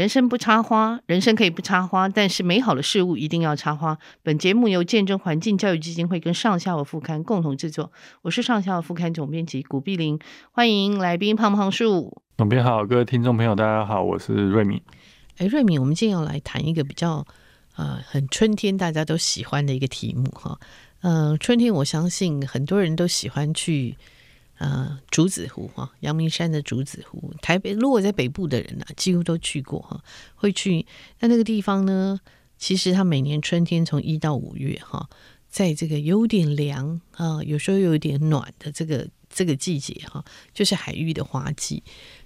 人生不插花，人生可以不插花，但是美好的事物一定要插花。本節目由見證環境教育基金會跟上下游副刊共同制作，我是上下游副刊總編輯古碧玲，歡迎來賓胖胖樹。總編好，各位聽眾朋友大家好，我是瑞閔。哎，瑞閔，我們今天要來談一個比較啊，呃，很春天大家都喜歡的一個題目哈。嗯、呃，春天我相信很多人都喜歡去。呃，竹子湖哈，陽、啊、明山的竹子湖，台北如果在北部的人呢、啊，幾乎都去過哈、啊，會去那那個地方呢。其實它每年春天從一到五月哈、啊，在這個有點涼啊，有時候有點暖的這個這個季節哈、啊，就是海芋的花季。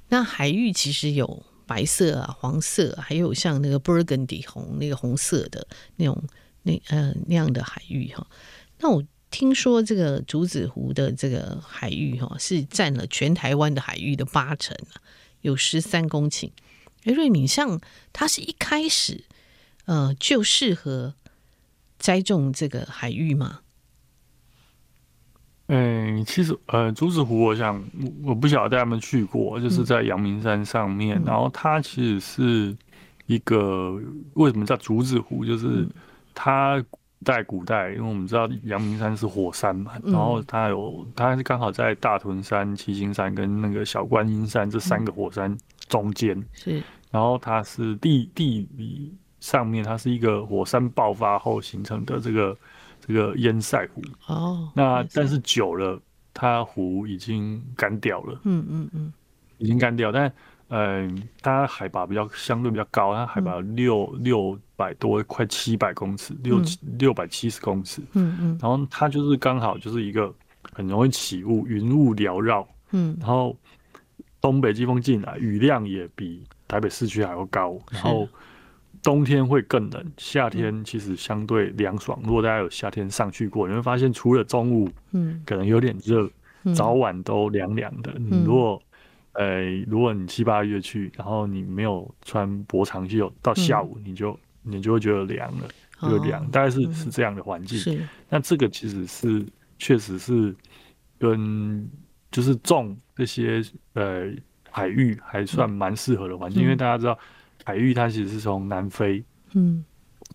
那海芋其實有白色啊、黃色，還有像那個 burgundy 紅那個紅色的那種那呃那樣的海芋哈、啊。那我。聽說這個竹子湖的這個海芋，哈，是占了全台灣的海芋的八成，有十三公頃。哎、欸，瑞閔，像它是一開始，呃，就適合栽種這個海芋嗎？哎、欸，其實，呃，竹子湖我想，我想我不曉得帶他們去過，就是在陽明山上面、嗯，然後它其實是一個為什麼叫竹子湖，就是它。在古代，因為我們知道陽明山是火山嘛、嗯，然後它有，它是剛好在大屯山、七星山跟那個小觀音山這三個火山中間、嗯。是，然後它是地地理上面，它是一個火山爆發後形成的這個、嗯、這個堰塞湖。哦，那但是久了，嗯、它湖已經乾掉了。嗯嗯嗯，已經乾掉，但嗯、呃，它海拔比較相對比較高，它海拔六六。嗯六百多快七百公尺，六七六百七十公尺，嗯嗯，然後它就是剛好就是一個很容易起霧，雲霧繚繞，嗯，然後東北季風進來，雨量也比台北市區還要高，然後冬天會更冷，夏天其實相對涼爽。嗯、如果大家有夏天上去過，你會發現除了中午，嗯，可能有點熱、嗯，早晚都涼涼的、嗯。你如果，呃，如果你七八月去，然後你沒有穿薄長袖，到下午你就。你就會覺得涼了，就涼，大概是是這樣的環境、哦嗯。是，那這個其實是確實是跟就是種這些呃海芋還算蠻適合的環境、嗯，因為大家知道海芋它其實是從南非嗯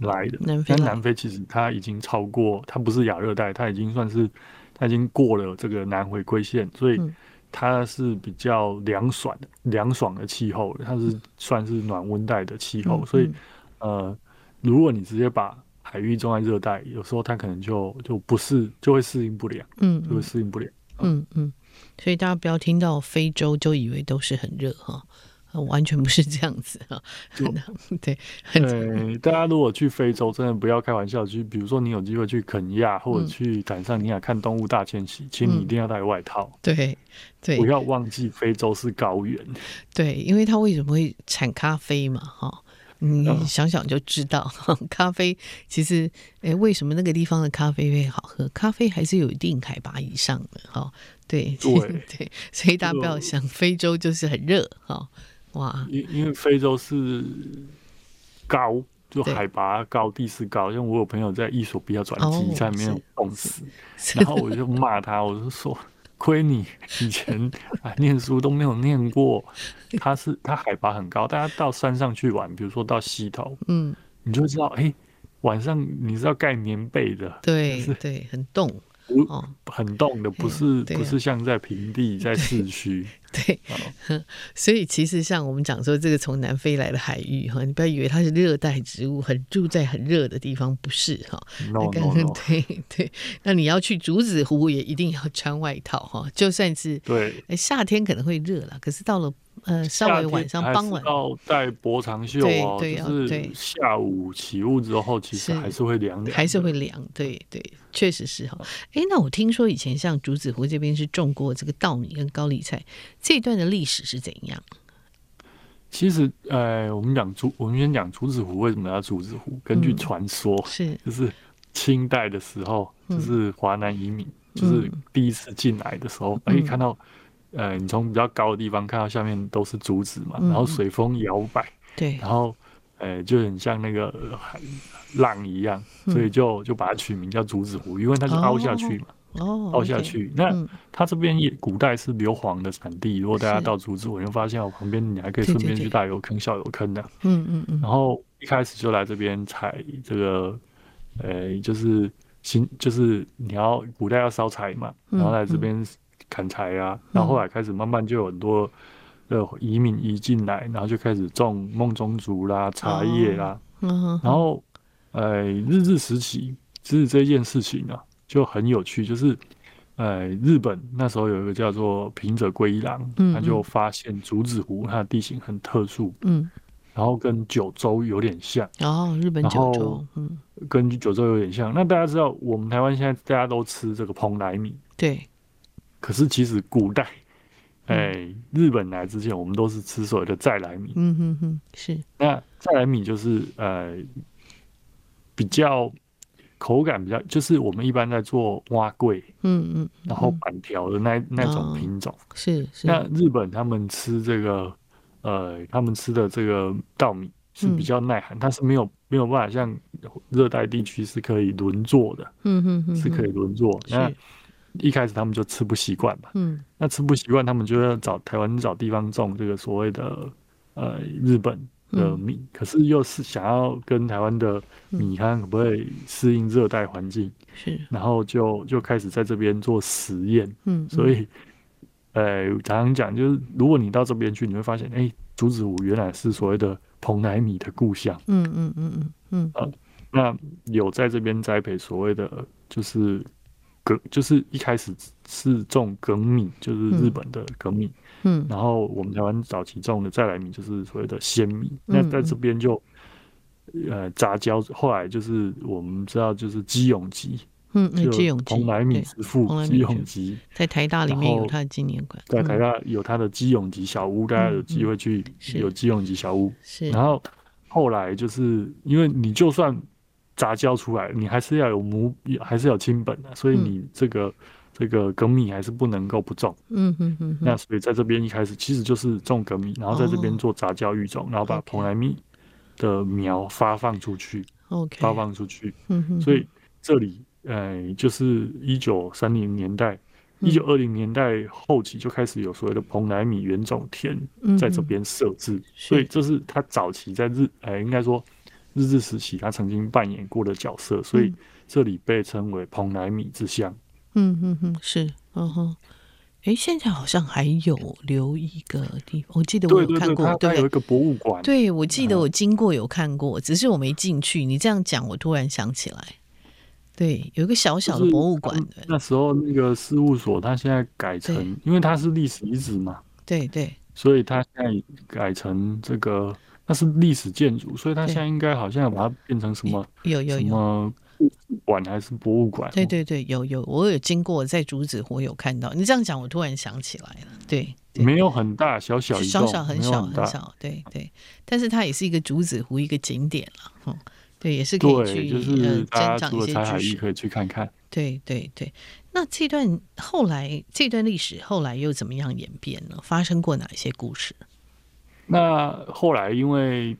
來的嗯，南非來，但南非其實它已經超過，它不是亞熱帶，它已經算是它已經過了這個南回歸線，所以它是比較涼爽的，涼爽的氣候，它是算是暖溫帶的氣候、嗯嗯，所以。呃，如果你直接把海芋種在熱帶，有時候它可能就就不適，就會適應不了，嗯，就會適應不了。嗯嗯，嗯。所以大家不要聽到非洲就以為都是很熱哈，完全不是這樣子哈，嗯、 對，對。 大家如果去非洲，真的不要開玩笑，就比如說你有機會去肯亞或者去坦尚尼亞看動物大遷徙，請、嗯、你一定要帶外套、嗯對，對，不要忘記非洲是高原，對，因為它為什麼會產咖啡嘛，哈。你想想就知道，嗯、咖啡其實誒、欸，為什麼那個地方的咖啡會好喝？咖啡還是有一定海拔以上的，哈、哦，對對對，所以大家不要想非洲就是很熱，哈、哦，哇。因因為非洲是高，就海拔高，地勢高。像我有朋友在衣索比亞轉機，在裡面凍死，然後我就罵他，我就說。 虧你以前啊念書都沒有念過，它是它海拔很高，大家到山上去玩，比如說到溪頭，嗯，你就知道，哎、欸，晚上你是要蓋棉被的，對對，很凍。冷哦，很凍的，不是、哎啊、不是像在平地，在市區。對，對、哦，所以其實像我們講說，這個從南非來的海芋哈、哦，你不要以為它是熱帶植物，很住在很熱的地方，不是哈。哦 no、剛剛 no no 對對，那你要去竹子湖也一定要穿外套哈、哦，就算是對、哎、夏天可能會熱了，可是到了呃稍微晚上傍晚到帶薄長袖、哦、對，要、啊就是下午起霧之後其實還是會涼，涼的是，還是會涼，對對。對確實是哈、哦，哎、欸，那我聽說以前像竹子湖這邊是種過這個稻米跟高麗菜，這一段的歷史是怎樣？其實，呃，我們講竹，我們先講竹子湖為什麼叫竹子湖？根據傳說，是、嗯、就是清代的時候，是就是華南移民、嗯，就是第一次進來的時候，可、嗯、以看到，呃，你從比較高的地方看到下面都是竹子嘛，嗯、然後隨風搖擺，對，然後。欸、就很像那個、呃、浪一樣，所以就就把它取名叫竹子湖，嗯、因為它就凹下去嘛，哦、凹下去。那、哦 okay，它這邊也古代是硫磺的產地，嗯、如果大家到竹子湖，就發現我旁邊，你還可以順便去大油坑、小油坑的、啊。嗯嗯嗯。然後一開始就來這邊採這個，欸、就是薪就是你要古代要燒柴嘛，然後來這邊砍柴啊、嗯，然後後來開始慢慢就有很多。呃，移民移進來，然後就開始種孟宗竹啦、茶葉啦。Oh, uh -huh. 然後，哎、呃，日治時期，其實這件事情呢、啊、就很有趣，就是，哎、呃，日本那時候有一個叫做平澤龜一郎、嗯，他就發現竹子湖它的地形很特殊，嗯，然後跟九州有點像哦，oh, 日本九州，嗯，跟九州有點像。嗯、那大家知道，我們台灣現在大家都吃這個蓬萊米，對，可是其實古代。哎、欸，日本來之前，我們都是吃所謂的再來米。嗯嗯嗯，是。那再來米就是呃，比較口感比較，就是我們一般在做碗粿。嗯，嗯嗯。然後板條的那、嗯、那，那種品種、哦、是，是。那日本他們吃這個，呃，他們吃的這個稻米是比較耐寒，它、嗯、是沒有沒有辦法像熱帶地區是可以輪作的。嗯嗯是可以輪作是。一開始他們就吃不習慣嘛，嗯，那吃不習慣，他們就要找台灣找地方種這個所謂的呃日本的米、嗯，可是又是想要跟台灣的米看看可不可以適應熱帶環境、嗯，然後就就開始在這邊做實驗，嗯，所以，呃，常常講，就是如果你到這邊去，你會發現，哎、欸，竹子湖原來是所謂的蓬萊米的故鄉，嗯嗯嗯嗯嗯，啊、嗯嗯呃，那有在這邊栽培所謂的就是。就是一開始是種粳米，就是日本的粳米嗯，嗯，然後我們台灣早期種的再來米，就是所謂的秈米、嗯。那在這邊就呃雜交，後來就是我們知道就是磯永吉、嗯嗯嗯，嗯，磯永吉，蓬萊米之父，之磯永吉在台大裡面有他的紀念館，在台大有他的磯永吉小屋、嗯，大家有機會去有磯永吉小屋、嗯。是，然後後來就是因為你就算。雜交出來，你還是要有母，還是要親本的、啊，所以你這個、嗯、這個粳米還是不能夠不種。嗯哼哼。那所以在這邊一開始其實就是種粳米，然後在這邊做雜交育種，哦、然後把蓬萊米的苗發放出去，okay、發放出去。嗯哼，哼。所以這裡，哎、呃，就是一九三零年代，一九二零年代後期就開始有所謂的蓬萊米原種田在這邊設置、嗯，所以這是它早期在日，哎、呃，應該說。日治時期，他曾經扮演過的角色，所以這裡被稱為蓬萊米之鄉。嗯嗯嗯，是，嗯、哦、哼，誒、欸，現在好像還有留一個地方，我記得我有看過，對對,對？對有一個博物館，對,對我記得我經過有看過，嗯、只是我沒進去。你這樣講，我突然想起來，對，有一個小小的博物館。那時候那個事務所，它現在改成，因為它是歷史遺址嘛，對,對對，所以它現在改成這個。它是歷史建築，所以它現在應該好像要把它變成什麼？有有有，館還是博物館？對對對，有有，我有經過在竹子湖有看到。你這樣講，我突然想起來了，對，對沒有很大，小小一，小小很小很小很小，對對。但是它也是一個竹子湖一個景點了，嗯，對，也是可以去就是增長一些知識，可以去看看。對對對，那這段後來這段歷史後來又怎麼樣演變了？發生過哪一些故事？那後來，因為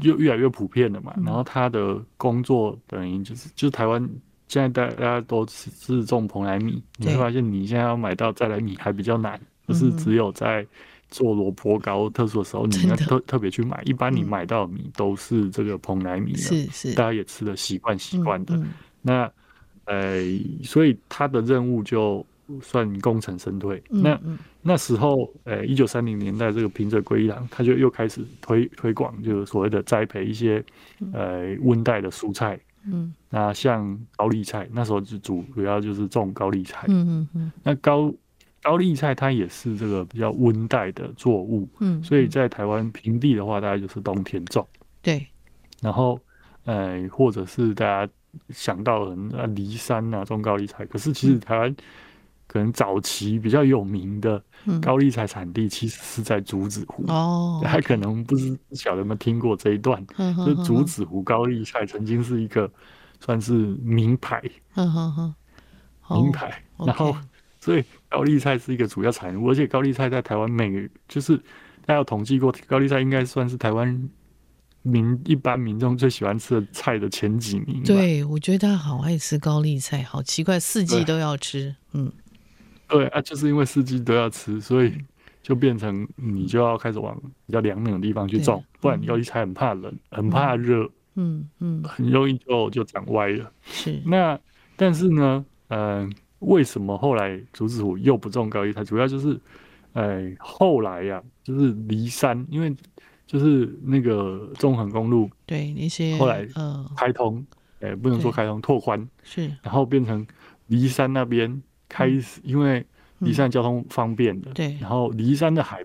又越來越普遍了嘛，嗯、然後他的工作等於就是，嗯、就是台灣現在大大家都吃種蓬萊米，你會發現你現在要買到再來米還比較難，就、嗯、是只有在做蘿蔔糕特殊的時候，嗯、你要特特別去買，一般你買到米都是這個蓬萊米，是是，大家也吃的習慣習慣的。嗯嗯、那呃，所以他的任務就。算功成身退。嗯嗯，那那時候，呃，一九三零年代，這個平澤龜一郎他就又開始推推廣，就是所謂的栽培一些呃溫帶的蔬菜。嗯、嗯、啊，那像高麗菜，那時候就主主要就是種高麗菜。嗯嗯、嗯那高高麗菜它也是這個比較溫帶的作物。嗯、嗯，嗯、所以在台灣平地的話，大概就是冬天種。對。然後，呃，或者是大家想到的可能山啊，梨山啊種高麗菜，可是其實台灣、嗯。嗯可能早期比較有名的高麗菜產地其實是在竹子湖哦，還、嗯、可能不知曉得有沒有聽過這一段，哦、就是、竹子湖高麗菜曾經是一個算是名牌，嗯、名牌。嗯、名牌然後、okay、所以高麗菜是一個主要產物，而且高麗菜在台灣每就是大家有統計過，高麗菜應該算是台灣民一般民眾最喜歡吃的菜的前幾名。對，我覺得他好愛吃高麗菜，好奇怪，四季都要吃，嗯。對啊，就是因為四季都要吃，所以就變成你就要開始往比較涼冷的地方去種，啊、不然高麗菜很怕冷、嗯，很怕熱，嗯嗯，很容易就就長歪了。是那但是呢，嗯、呃，為什麼後來竹子湖又不種高麗菜？它主要就是，哎、呃，後來呀、啊，就是梨山，因為就是那個中橫公路對那些後來呃開通，哎、呃呃，不能說開通拓寬是，然後變成梨山那邊。開始，因為梨山交通方便的、嗯嗯，對，然後梨山的海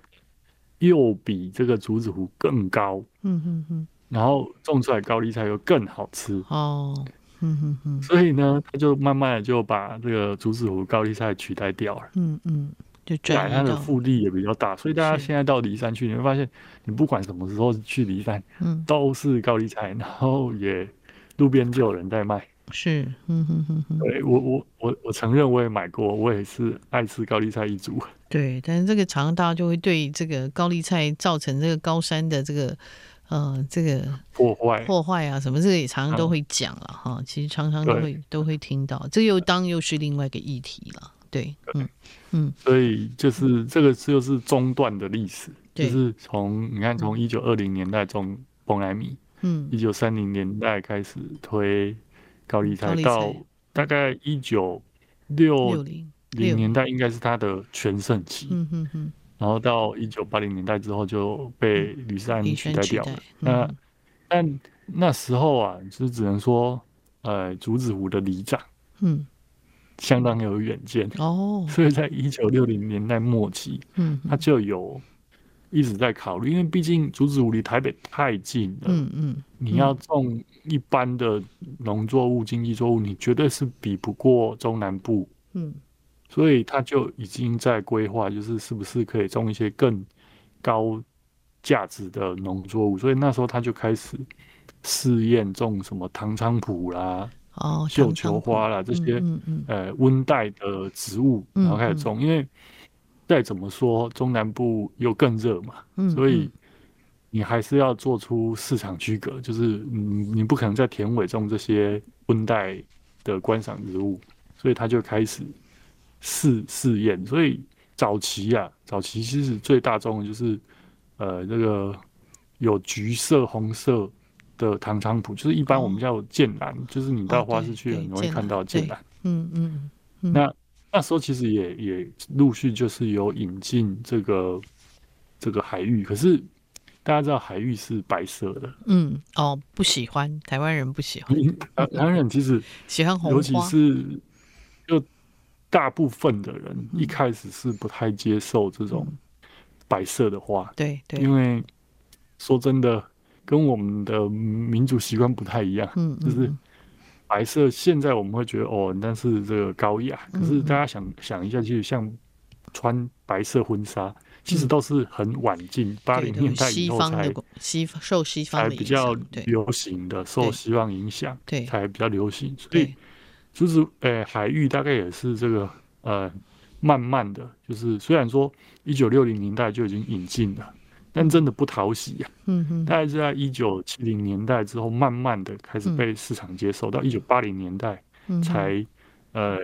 又比這個竹子湖更高，嗯嗯嗯，然後種出來高麗菜又更好吃哦，嗯哼哼、嗯嗯，所以呢，他就慢慢的就把這個竹子湖高麗菜取代掉了，嗯嗯，就改它的複利也比較大，所以大家現在到梨山去，你會發現，你不管什麼時候去梨山，嗯，都是高麗菜，然後也路邊就有人在賣。是，嗯哼哼對我我我我承認我也買過，我也是愛吃高麗菜一族。對，但是這個常常大家就會對這個高麗菜造成這個高山的這個呃這個破壞破壞啊，什麼這個也常常都會講了、嗯、哈，其實常常都會都會聽到，這又當又是另外一個議題了，對，嗯嗯，所以就是這個就是中斷的歷史，就是從你看從一九二零年代種蓬萊米，嗯，一九三零年代開始推。高利貸到大概一九六零年代，應該是他的全盛期。嗯嗯嗯嗯、然後到一九八零年代之後就被李善取代掉了、嗯嗯。那但那時候啊，就只能說，呃，竹子湖的離事長，相當有遠見、嗯、所以在一九六零年代末期，嗯嗯嗯、他就有。一直在考慮，因為畢竟竹子湖離台北太近了、嗯嗯。你要種一般的農作物、嗯、經濟作物，你絕對是比不過中南部。嗯、所以他就已經在規劃，就是是不是可以種一些更高價值的農作物。所以那時候他就開始試驗種什麼唐菖蒲啦、哦繡球花啦、嗯、這些，嗯嗯、呃，溫帶的植物，然後開始種，嗯嗯、因為。再怎麼說，中南部又更熱嘛、嗯，所以你還是要做出市場區隔、嗯，就是你你不可能在田尾種這些溫帶的觀賞植物，所以他就開始試試驗。所以早期呀、啊，早期其實最大眾的就是呃，那、這個有橘色、紅色的唐菖蒲，就是一般我們叫劍蘭、嗯，就是你到花市去很容易看到劍蘭。嗯嗯。那那時候其實也也陸續就是有引進這個這個海芋，可是大家知道海芋是白色的，嗯哦，不喜歡，台灣人不喜歡，啊台灣人其實喜歡紅花，尤其是就大部分的人一開始是不太接受這種白色的花，對對，因為說真的跟我們的民族習慣不太一樣，嗯就是。嗯嗯白色現在我們會覺得哦，但是這個高雅，可是大家想想一下，就是像穿白色婚紗，嗯，其實都是很晚近八零年代以後才，對對對，西方的西方受西方影響比較流行的，受西方影響才比較流行，所以就是呃，海芋大概也是這個呃，慢慢的就是雖然說一九六零年代就已經引進了。但真的不討喜呀、啊，嗯哼，大概是在一九七零年代之後，慢慢的開始被市場接受，嗯、到一九八零年代才，嗯、呃，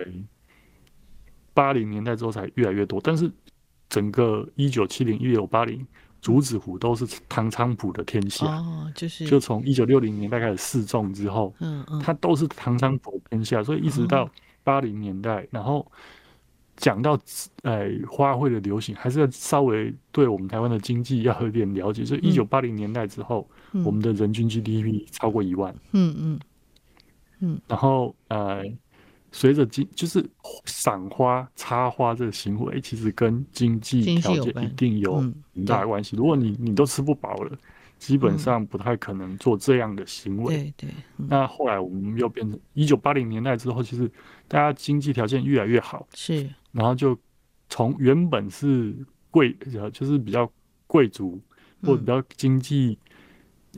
八零年代之後才越來越多。但是整個一九七零一九八零竹子湖都是唐菖蒲的天下，哦、就是就從一九六零年代開始試種之後嗯嗯，它都是唐菖蒲天下，所以一直到八零年代，嗯、然後。講到呃花卉的流行，還是要稍微對我們台灣的經濟要有點了解。嗯、所以一九八零年代之後、嗯，我們的人均 GDP 超過一萬，嗯嗯、嗯，然後呃、嗯，隨着經就是賞花、插花這個行為，其實跟經濟條件一定有很大關係、嗯。如果你你都吃不飽了、嗯，基本上不太可能做這樣的行為。嗯、對對、嗯。那後來我們又變成一九八零年代之後，其實大家經濟條件越來越好。是。然後就從原本是貴呃，就是比較貴族或比較經濟、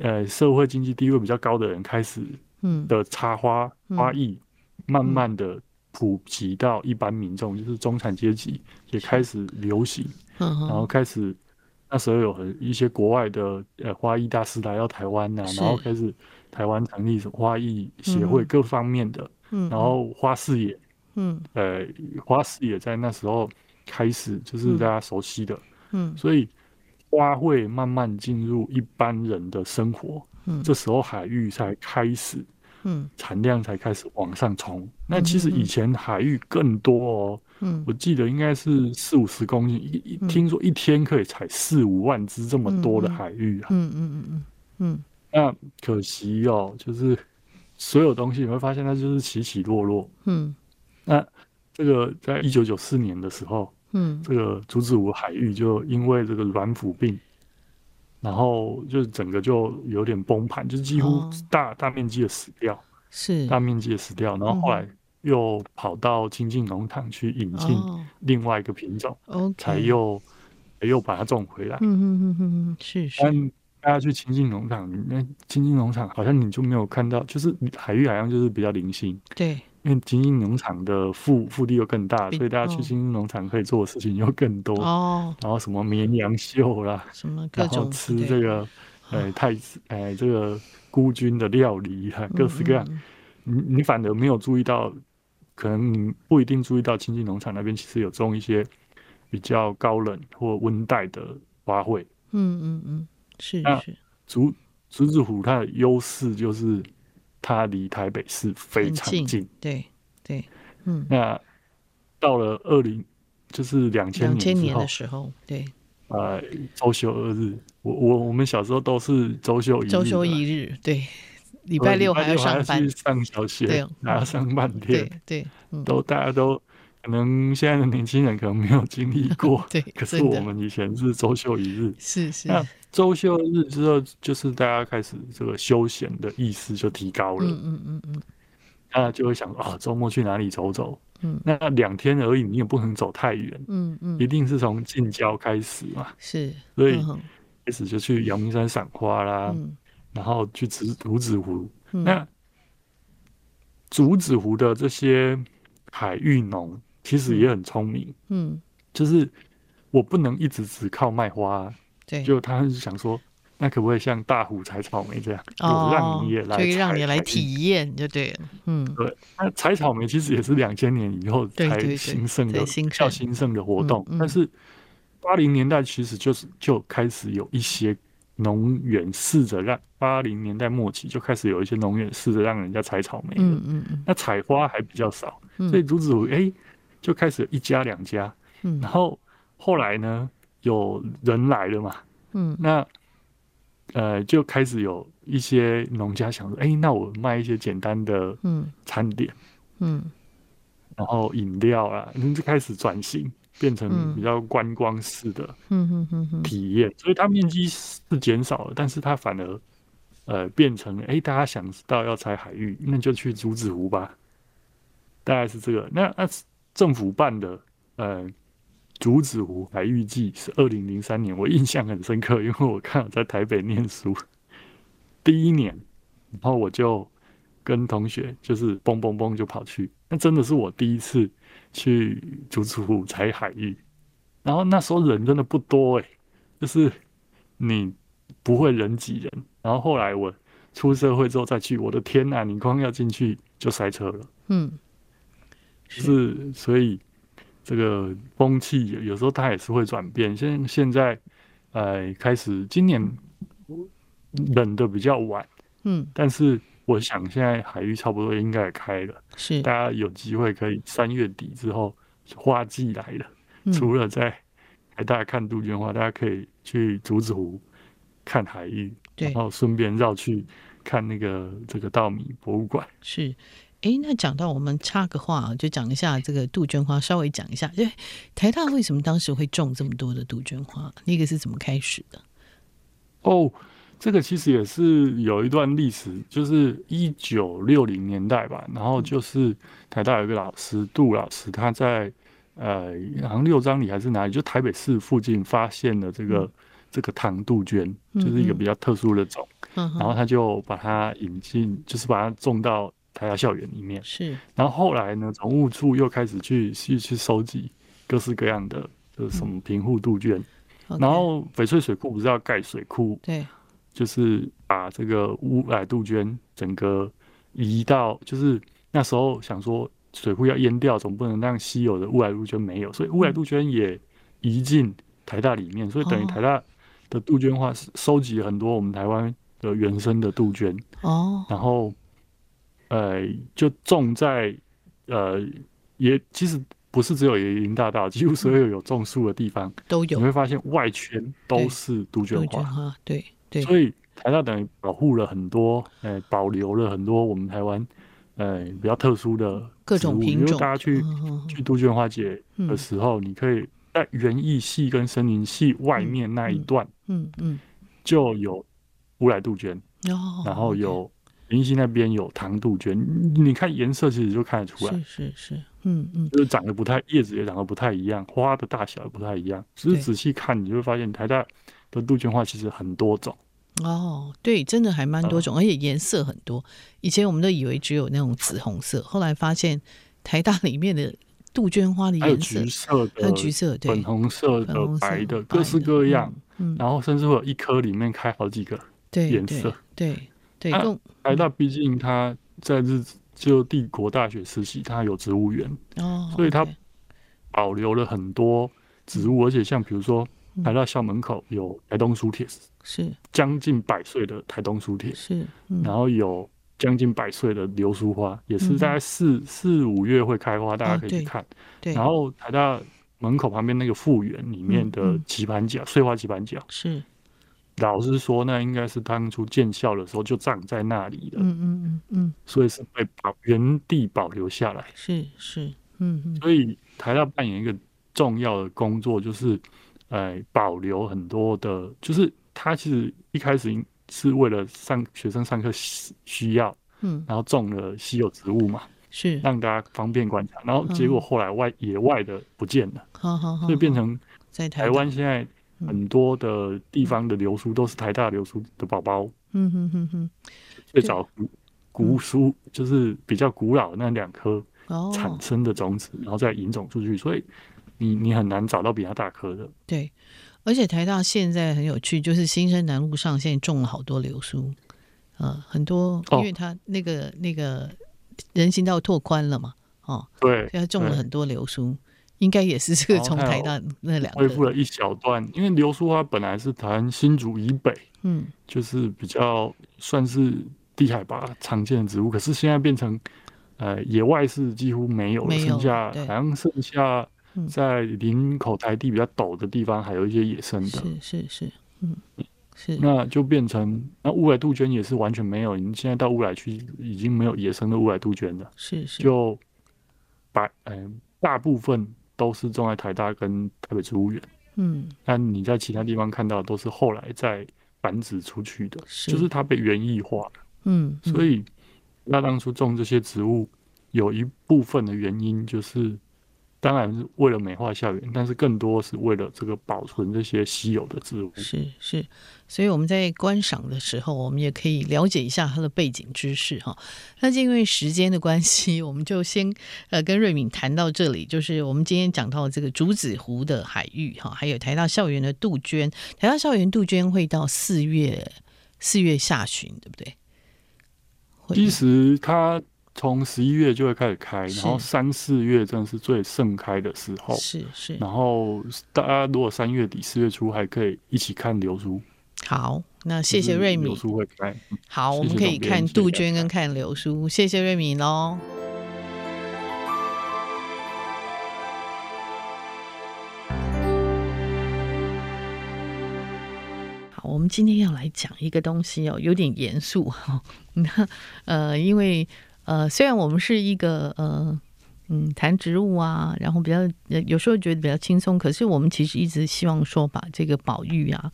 嗯，呃，社會經濟地位比較高的人開始，嗯，的插花花藝、嗯，慢慢的普及到一般民眾、嗯，就是中產階級也開始流行。嗯，嗯嗯然後開始，嗯嗯嗯、然後開始，那時候有很一些國外的呃花藝大師來到台灣吶、啊，然後開始台灣成立什麼花藝協會各方面的，嗯，嗯嗯然後花事業。嗯，呃、欸，花市也在那時候開始，就是大家熟悉的，嗯，嗯，所以花卉慢慢進入一般人的生活，嗯，這時候海芋才開始，嗯，產量才開始往上衝，嗯嗯。那其實以前海芋更多哦，嗯，我記得應該是四五十公斤，嗯，一，一聽說一天可以採四五萬隻這麼多的海芋啊，嗯嗯嗯嗯嗯，那可惜哦，就是所有東西你會發現它就是起起落落，嗯。嗯那這個在一九九四年的時候，嗯，這個竹子湖海芋就因為這個軟腐病，然後就整個就有點崩盤，就幾乎大、哦、大面積的死掉，是大面積的死掉。然後後來又跑到清境農場去引進另外一個品種哦，才又、哦、才，又才又把它種回來。嗯嗯嗯嗯，是是。那大家去清境農場，那清境農場好像你就沒有看到，就是海芋好像就是比較零星，對。因為清境農場的腹腹地又更大，所以大家去清境農場可以做的事情又更多哦。然後什麼綿羊秀啦，什麼各種然後吃這個，呃太呃這個孤軍的料理哈、哦，各式各樣。你你反而沒有注意到，可能你不一定注意到，清境農場那邊其實有種一些比較高冷或溫帶的花卉。嗯嗯嗯，是是。竹竹子湖它的優勢就是。它離台北市非常近，近對對，嗯。那到了二零，就是兩千年,兩千年的時候，對，啊、呃，周休二日，我我我們小時候都是周休一，周休一日，對，禮拜六還要上班，對上小學，還要上半天，對對，都、嗯、大家都。可能現在的年輕人可能沒有經歷過， 對，可是我們以前是周休一日， 是是。那周休日之後，就是大家開始這個休閒的意識就提高了，嗯嗯嗯嗯。那就會想說啊，哦、周末去哪裡走走？嗯，那兩天而已，你也不能走太遠，嗯嗯，一定是從近郊開始嘛。是、嗯嗯，所以開始就去陽明山賞花啦、嗯，然後去竹竹子湖。嗯、那竹子湖的這些海芋農。其實也很聰明，嗯，就是我不能一直只靠賣花、啊對，就他就想說，那可不可以像大湖採草莓這樣，哦、讓農業來，以讓你來體驗，就對了，嗯，對，那採草莓其實也是兩千年以後才興盛的，叫興盛,盛的活動，嗯嗯、但是八零年代其實就是就開始有一些農園試着讓，八零年代末期就開始有一些農園試着讓人家採草莓嗯嗯嗯，那採花還比較少，所以竹子，嗯欸就開始一家兩家，嗯，然後後來呢，有人來了嘛，嗯，那呃就開始有一些農家想說，哎、欸，那我賣一些簡單的，嗯，餐點，嗯，嗯然後飲料啊，那就開始轉型，變成比較觀光式的體驗，體、嗯、驗、嗯嗯嗯嗯。所以它面積是減少了，但是它反而呃變成，哎、欸，大家想到要採海芋，那就去竹子湖吧，大概是這個。那那政府辦的，呃，竹子湖海芋季是二零零三年，我印象很深刻，因為我看我在台北念書第一年，然後我就跟同學就是蹦蹦蹦就跑去，那真的是我第一次去竹子湖採海芋，然後那時候人真的不多哎、欸，就是你不會人擠人，然後後來我出社會之後再去，我的天吶、啊，你光要進去就塞車了，嗯。是，所以這個風氣有有時候它也是會轉變。現現在，呃，開始今年冷得比較晚，嗯，但是我想現在海芋差不多應該也開了，是，大家有機會可以三月底之後花季來了，嗯、除了在給大家看杜鵑花，大家可以去竹子湖看海芋，對，然後順便繞去看那個這個稻米博物館，是。哎，那講到我們插個話，就講一下這個杜鵑花，稍微講一下，因為台大為什麼當時會種這麼多的杜鵑花，那個是怎麼開始的？哦，這個其實也是有一段歷史，就是一九六零年代吧，然後就是台大有一個老師、嗯、杜老師，他在呃，好像六張犁還是哪裡，就台北市附近發現了這個、嗯、這個唐杜鵑，就是一個比較特殊的種，嗯嗯，然後他就把它引進，就是把它種到，台大校園裡面是，然後後來呢，總務處又開始去去去收集各式各樣的，就是什麼平戶杜鵑，嗯 okay. 然後翡翠水庫不是要蓋水庫，對，就是把這個烏來杜鵑整個移到，就是那時候想說水庫要淹掉，總不能讓稀有的烏來杜鵑沒有，所以烏來杜鵑也移進台大裡面，所以等於台大的杜鵑花收集很多我們台灣的原生的杜鵑哦，然後。呃，就種在，呃，也其實不是只有椰林大道，幾乎所有有種樹的地方，嗯，都有。你會發現外圈都是杜鵑花，對對，對。所以台大等於保護了很多，呃，保留了很多我們台灣，呃，比較特殊的植物各種品種。因為大家去，嗯嗯，去杜鵑花節的時候，嗯，你可以在園藝系跟森林系外面那一段，嗯嗯，嗯，嗯，就有烏來杜鵑，然後有。明星那邊有唐杜鵑，你看顏色其實就看得出來，是是是，嗯嗯，就是長得不太，葉子也長得不太一樣，花的大小也不太一樣。只是仔細看，你就會發現台大的杜鵑花其實很多種。哦，對，真的還蠻多種，嗯、而且顏色很多。以前我們都以為只有那種紫紅色，後來發現台大裡面的杜鵑花的顏色，還有橘色的、橘色對、粉紅色的、粉紅色的白的，各式各樣。嗯，然後甚至會有一顆裡面開好幾個顏色，對。對對。啊、台大畢竟他在日就帝國大學時期，他有植物園，oh, okay. 所以他保留了很多植物，而且像比如說台大校門口有台東蘇鐵，是將近百歲的台東蘇鐵，是然後有將近百歲的流蘇花，也是大概四四五月會開花，嗯、大家可以去看、啊。對，然後台大門口旁邊那個傅園裡面的棋盤腳，穗花棋盤腳，是。老師說，那應該是當初建校的時候就葬在那裡了。嗯嗯嗯嗯，所以是會把原地保留下來。是是，嗯嗯。所以台大扮演一個重要的工作，就是呃保留很多的，就是他其實一開始是為了上學生上課需要，嗯，然後種了稀有植物嘛，是讓大家方便觀察。然後結果後來外野外的不見了，好好好，所以變成在台灣現在、嗯。現在很多的地方的流蘇都是台大流蘇的寶寶，嗯哼哼哼，最找古古樹就是比較古老的那兩棵哦，產生的種子，哦，然後再引種出去，所以你你很難找到比它大棵的。對，而且台大現在很有趣，就是新生南路上現在種了好多流蘇，啊、呃，很多，因為它那個、哦、那個人行道拓寬了嘛，哦，對，所以它種了很多流蘇。應該也是這從台到那兩恢復了一小段，因為流蘇花本來是談新竹以北，嗯，就是比較算是低海拔常見的植物，可是現在變成，呃，野外是幾乎沒有了，沒有，剩下好像剩下在林口台地比較陡的地方還有一些野生的，嗯、是是是，嗯，是，是，那就變成那烏來杜鵑也是完全沒有，你現在到烏來區已經沒有野生的烏來杜鵑了，是是，就把嗯、呃、大部分。都是種在台大跟台北植物園。嗯，那你在其他地方看到的都是後來再繁殖出去的。是，就是它被園藝化了。嗯，所以，嗯，那當初種這些植物，有一部分的原因就是。當然是為了美化校園，但是更多是為了這個保存這些稀有的植物。是是，所以我們在觀賞的時候，我們也可以了解一下它的背景知識哈。那因為時間的關係，我們就先呃跟瑞閔談到這裡，就是我們今天講到這個竹子湖的海芋哈，還有台大校園的杜鵑。台大校園杜鵑會到四月四月下旬，對不對？其實它。從十一月就會開始開，然後三四月真的是最盛開的時候。是是，然後大家如果三月底四月初還可以一起看流蘇。好，那謝謝瑞閔。流蘇會開。好，我們可以看杜鵑跟看流蘇。謝謝瑞閔嘍。好，我們今天要來講一個東西哦、喔，有點嚴肅哈。那 呃，因為。呃，雖然我們是一個呃，嗯，談植物啊，然後比較有時候覺得比較輕鬆，可是我們其實一直希望說把這個保育啊，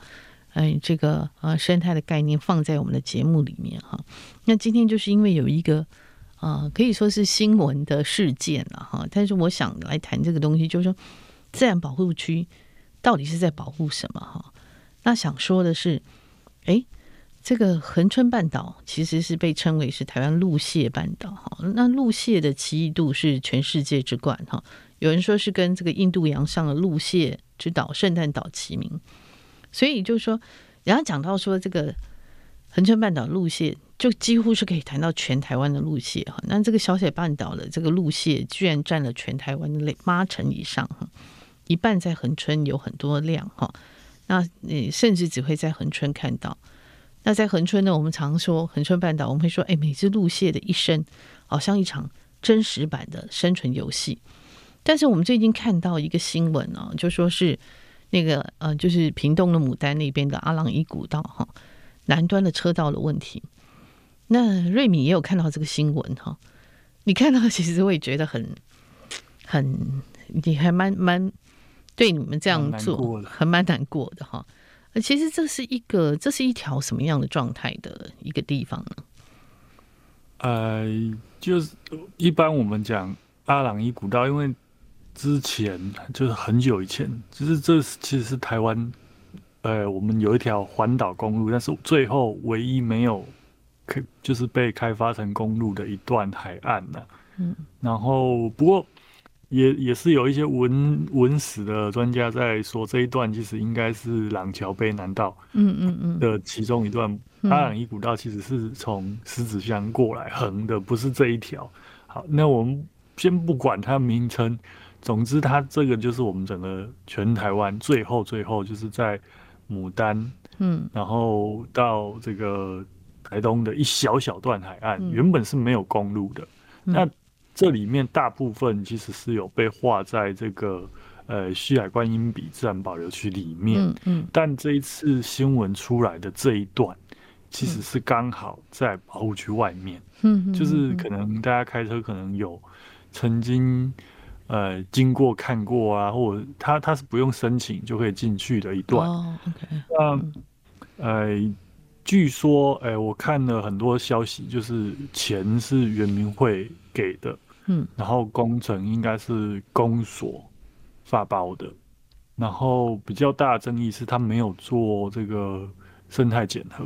哎、呃，這個呃生態的概念放在我們的節目裡面哈。那今天就是因為有一個呃，可以說是新聞的事件了、啊、哈，但是我想來談這個東西，就是說自然保護區到底是在保護什麼哈？那想說的是，誒。這個恆春半島其實是被稱為是台灣陸蟹半島哈，那陸蟹的奇異度是全世界之冠哈，有人說是跟這個印度洋上的陸蟹之島聖誕島齊名，所以就是說，然後講到說這個恆春半島陸蟹就幾乎是可以談到全台灣的陸蟹哈，那這個小小半島的這個陸蟹居然佔了全台灣的八成以上，一半在恆春有很多量哈，那你甚至只會在恆春看到。那在恆春呢？我們常說恆春半島，我們會說，哎、欸，每只陸蟹的一生，好像一場真實版的生存遊戲。但是我們最近看到一個新聞啊，就是、說是那個呃，就是屏東的牡丹那邊的阿朗壹古道哈，南端的車道的問題。那瑞閔也有看到這個新聞哈，你看到其實我也覺得很很，你還蠻蠻對你們這樣做，還蠻難,難過的哈。其實這是一個，這是一條什麼樣的狀態的一個地方呢？呃，就是一般我們講阿朗壹古道，因為之前就是很久以前，就是這是其實是台灣，呃，我們有一條環島公路，但是最後唯一沒有可就是被開發成公路的一段海岸呢、啊。嗯，然後不過。也也是有一些文文史的專家在說，這一段其實應該是琅嶠卑南道，嗯嗯嗯的其中一段。嗯嗯嗯、阿朗壹古道其實是從獅子鄉過來橫的，不是這一條。好，那我們先不管它名稱，總之它這個就是我們整個全台灣最後最後就是在牡丹，嗯，然後到這個台東的一小小段海岸，嗯、原本是沒有公路的。嗯、那這裡面大部分其實是有被劃在這個呃旭海觀音鼻自然保留區裡面，嗯，嗯但這一次新聞出來的這一段，其實是剛好在保護區外面，嗯，就是可能大家開車可能有曾經呃經過看過啊，或者他他是不用申請就可以進去的一段。oh, okay. 那呃，據說哎、呃，我看了很多消息，就是錢是原民會給的。嗯，然後工程應該是公所發包的，然後比較大的爭議是他沒有做這個生態檢核，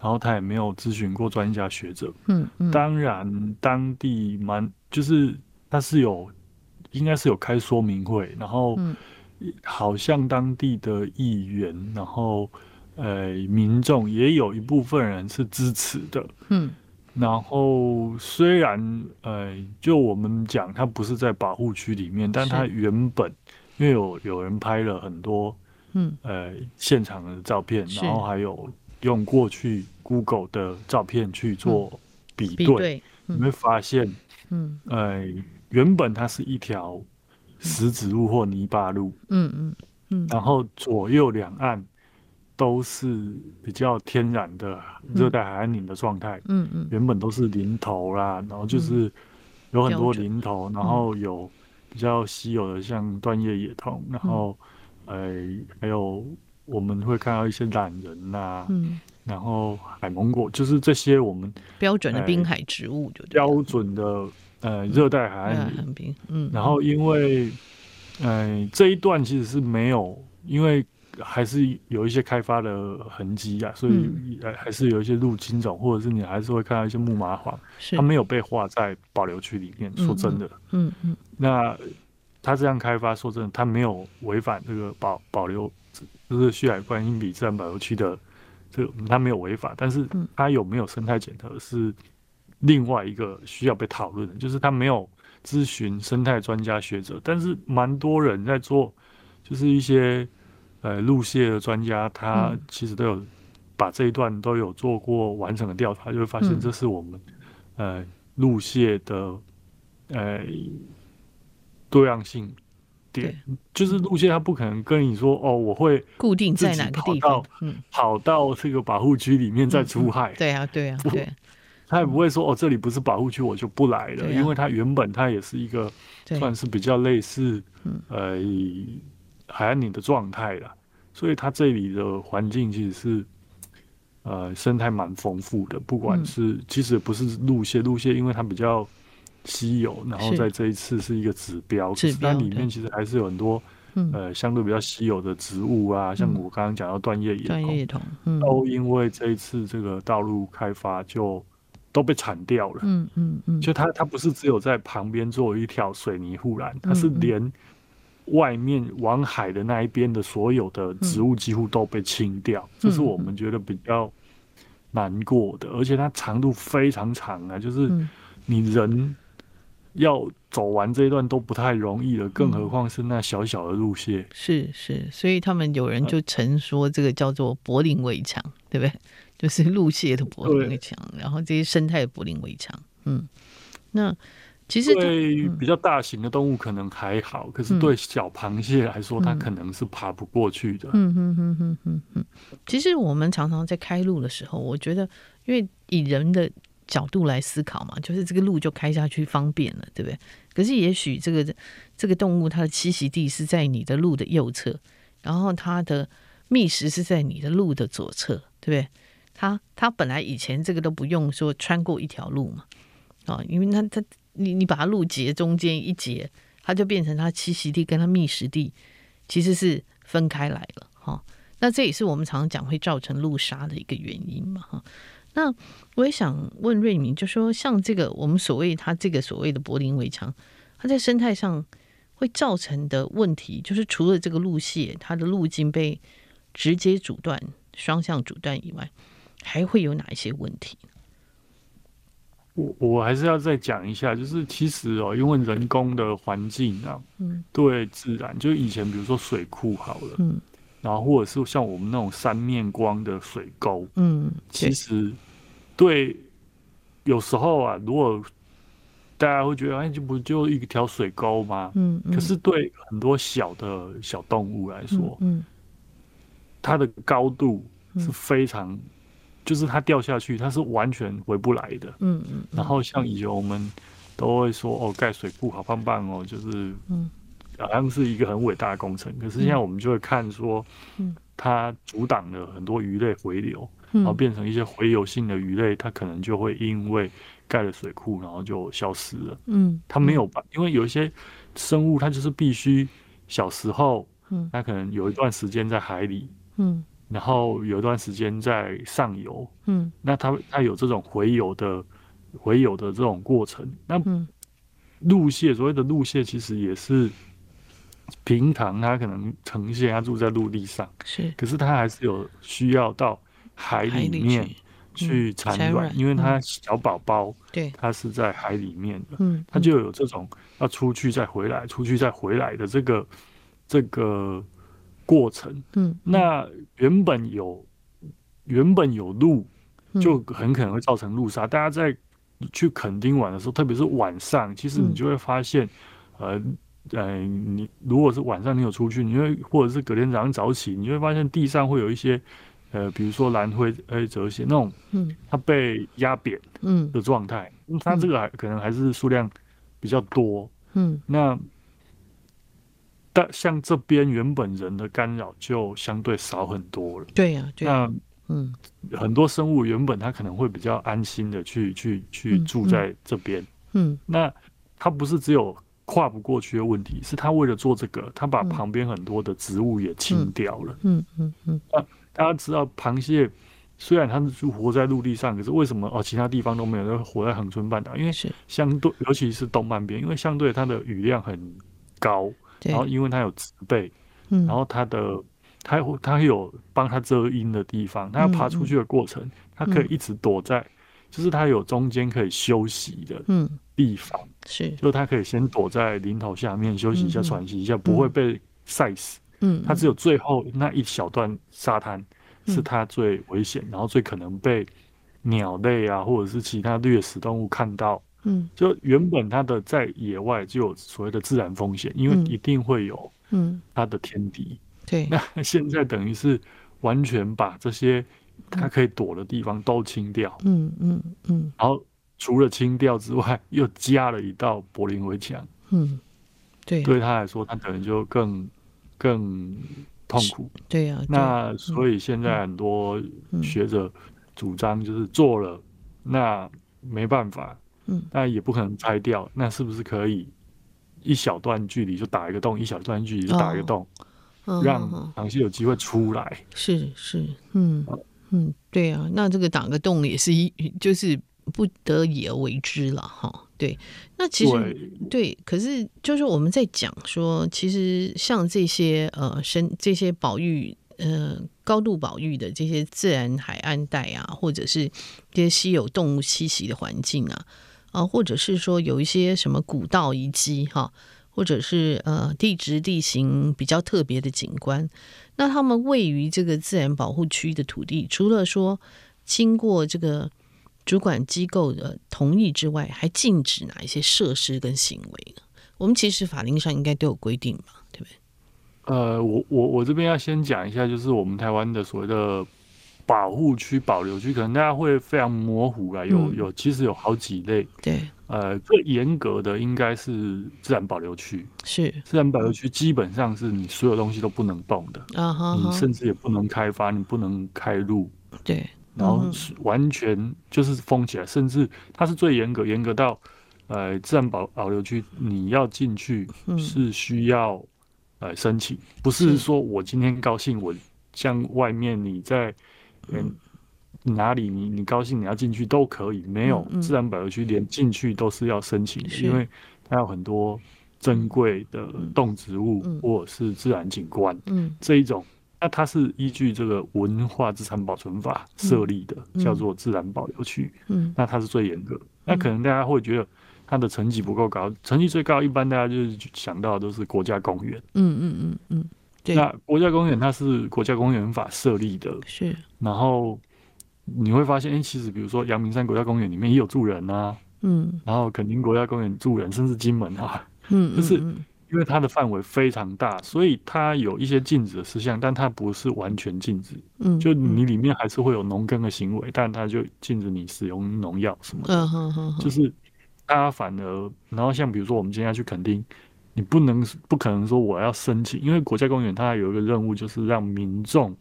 然後他也沒有諮詢過專家學者。嗯，嗯。當然當地蠻就是他是有，應該是有開說明會，然後好像當地的議員，然後呃民眾也有一部分人是支持的。嗯。然後雖然，呃，就我們講，它不是在保護區裡面，但它原本，因為有有人拍了很多，嗯，呃，現場的照片，然後還有用過去 Google 的照片去做比對，嗯，比對，嗯，你會發現，嗯，呃，原本它是一條石子路或泥巴路，嗯嗯嗯，然後左右兩岸。都是比較天然的熱帶海岸林的狀態，嗯嗯，嗯，原本都是林投啦，然後就是有很多林投，然後有比較稀有的像斷葉野桐、嗯，然後，哎、呃，還有我們會看到一些欖仁吶、啊，嗯，然後海芒果，就是這些我們標準的濱海植物就，就標準的呃熱帶海岸林，嗯，然後因為，哎、呃，這一段其實是沒有，因為。還是有一些開發的痕跡啊，所以還還是有一些入侵種、嗯，或者是你還是會看到一些木麻黃，它沒有被劃在保留區裡面、嗯，說真的，嗯嗯，那他這樣開發，說真的，他沒有違反這個保保留，就是旭海觀音鼻自然保留區的、這個，這他沒有違法，但是他有沒有生態檢測是另外一個需要被討論的，就是他沒有諮詢生態專家學者，但是蠻多人在做，就是一些。呃，陸蟹的專家他其實都有把這一段都有做過完整的調查，嗯、就會發現這是我們、嗯、呃陸蟹的呃多樣性點。就是陸蟹，他不可能跟你說哦，我會跑到固定在哪個地方，嗯、跑到這個保護區裡面再出海、嗯嗯。對啊，對啊，對啊。 他也不會說、嗯、哦，這裡不是保護區，我就不來了，啊、因為他原本它也是一個算是比較類似，嗯、呃。海岸你的狀態了，所以它這裡的環境其實是，呃，生態蠻豐富的。不管是、嗯、其實不是陸蟹，陸蟹因為它比較稀有，然後在這一次是一個指標，但它裡面其實還是有很多、嗯、呃相對比較稀有的植物啊，嗯、像我剛剛講到斷葉桐，斷葉桐、嗯、都因為這一次這個道路開發就都被鏟掉了。嗯嗯嗯，就、嗯、它它不是只有在旁邊做一條水泥護欄，它是連。外面往海的那一邊的所有的植物幾乎都被清掉，嗯、這是我們覺得比較難過的、嗯。而且它長度非常長啊，就是你人要走完這一段都不太容易了、嗯，更何況是那小小的陸蟹。是是，所以他們有人就曾說這個叫做柏林圍牆、嗯，對不對？就是陸蟹的柏林圍牆，然後這些生態的柏林圍牆。嗯，那。其實對比較大型的動物可能還好，嗯、可是對小螃蟹來說、嗯，它可能是爬不過去的。嗯嗯嗯嗯嗯嗯。其實我們常常在開路的時候，我覺得，因為以人的角度來思考嘛，就是這個路就開下去方便了，對不對？可是也許這個這個動物它的棲息地是在你的路的右側，然後它的覓食是在你的路的左側，對不對？它它本來以前這個都不用說穿過一條路嘛，啊，因為它它。你你把它路截中間一截，它就變成它棲息地跟它覓食地其實是分開來了哈。那這也是我們常常講會造成路殺的一個原因嘛哈。那我也想問瑞閔，就是說像這個我們所謂它這個所謂的柏林圍牆，它在生態上會造成的問題，就是除了這個路線它的路徑被直接阻斷、雙向阻斷以外，還會有哪一些問題？我我還是要再講一下，就是其實哦，因為人工的環境啊、嗯，對自然，就以前比如說水庫好了、嗯，然後或者是像我們那種三面光的水溝，嗯，其實對，有時候啊，如果大家會覺得哎，這不就一條水溝嗎？嗯，嗯，可是對很多小的小動物來說，嗯，嗯，嗯，它的高度是非常。就是它掉下去，它是完全回不來的。嗯嗯。然後像以前我們都會說、嗯、哦，蓋水庫好棒棒哦，就是嗯，好像是一個很偉大的工程。嗯、可是現在我們就會看說，它阻擋了很多魚類回流，嗯、然後變成一些洄游性的魚類，它可能就會因為蓋了水庫，然後就消失了。嗯，它沒有辦、嗯、因為有一些生物，它就是必須小時候，嗯，它可能有一段時間在海裡，嗯。嗯然後有一段時間在上游，嗯，那它它有這種洄游的，洄游的這種過程。那陸蟹、嗯、所謂的陸蟹，其實也是平常它可能呈現它住在陸地上，是。可是它還是有需要到海裡面去產卵、嗯，因為它小寶寶，對，它是在海裡面的，嗯，它、嗯、就有這種要出去再回來，出去再回來的這個這個。過程嗯，嗯，那原本有原本有路，就很可能會造成路殺。嗯。大家在去墾丁玩的時候，特別是晚上，其實你就會發現，嗯、呃，呃，你如果是晚上你有出去，你會或者是隔天早上早起，你就會發現地上會有一些，呃，比如說藍灰黑色一些那種，嗯，它被壓扁的狀態，嗯，的狀態，嗯，它這個還可能還是數量比較多，嗯，那。但像這邊原本人的干擾就相對少很多了。對呀、啊啊嗯，那嗯，很多生物原本它可能會比較安心的去去、嗯嗯、去住在這邊、嗯。嗯，那它不是只有跨不過去的問題，是它為了做這個，它把旁邊很多的植物也清掉了。嗯嗯嗯，嗯。那大家知道，螃蟹雖然它是活在陸地上，可是為什麼哦，其他地方都沒有，它活在恆春半島，因為是相對尤其是東半邊，因為相對它的雨量很高。然後，因為它有植被，嗯，然後它的它它有幫它遮陰的地方。它、嗯、要爬出去的過程，它、嗯、可以一直躲在，嗯、就是它有中間可以休息的地方，是、嗯，就它、是、可以先躲在林投下面、嗯、休息一下、嗯、喘息一下，嗯、不會被曬死。嗯，它只有最後那一小段沙灘是它最危險、嗯，然後最可能被鳥類啊，或者是其他掠食動物看到。嗯，就原本它的在野外就有所謂的自然風險，嗯，因為一定會有嗯它的天敵、嗯嗯，對。那現在等於是完全把這些它可以躲的地方都清掉，嗯嗯嗯、嗯。然後除了清掉之外，又加了一道柏林圍牆，嗯，對啊。對他來說，他可能就更更痛苦，對啊，那所以現在很多學者主張就是做了、嗯嗯，那沒辦法。嗯，那也不可能拆掉、嗯，那是不是可以一小段距離就打一個洞，一小段距離就打一個洞，哦、讓螃蟹有機會出來？哦哦、是是，嗯嗯，對啊，那這個打個洞也是一，就是不得已而為之了哈、哦。對，那其實對，對，可是就是我們在講說，其實像這些呃生這些保育，呃高度保育的這些自然海岸帶啊，或者是這些稀有動物棲息，息的環境啊。啊，或者是說有一些什麼古道遺跡哈，或者是呃地質地形比較特別的景觀，那他們位於這個自然保護區的土地，除了說經過這個主管機構的同意之外，還禁止哪一些設施跟行為呢？我們其實法令上應該都有規定吧？對不對？呃，我我我這邊要先講一下，就是我們台灣的所謂的。保護區、保留區，可能大家會非常模糊啊。有有，其實有好幾類。對，呃，最嚴格的應該是自然保留區。是，自然保留區基本上是你所有東西都不能動的啊，你甚至也不能開發，你不能開路。對，然後是完全就是封起來，甚至它是最嚴格，嚴格到呃，自然保保留區，你要進去是需要呃申請，不是說我今天高興，我向外面你在。嗯，哪裡你你高興你要進去都可以，沒有。自然保留區連進去都是要申請、嗯，因為它有很多珍貴的動植物、嗯、或者是自然景觀，嗯，這一種，那它是依據這個文化資產保存法設立的、嗯，叫做自然保留區，嗯，那它是最嚴格、嗯，那可能大家會覺得它的層級不夠高，層級最高一般大家就是想到的都是國家公園，嗯嗯嗯嗯。嗯嗯那國家公園它是國家公園法設立的，是。然後你會發現，欸、其實比如說陽明山國家公園裡面也有住人吶、啊，嗯。然後墾丁國家公園住人，甚至金門哈、啊，嗯，嗯，嗯，就是因為它的範圍非常大，所以它有一些禁止的事項，但它不是完全禁止，嗯嗯，就你裡面還是會有農耕的行為，但它就禁止你使用農藥什麼的，嗯嗯嗯，就是大家反而，然後像比如說我們今天要去墾丁。你不能不可能說我要申請，因為國家公園它有一個任務就是讓民眾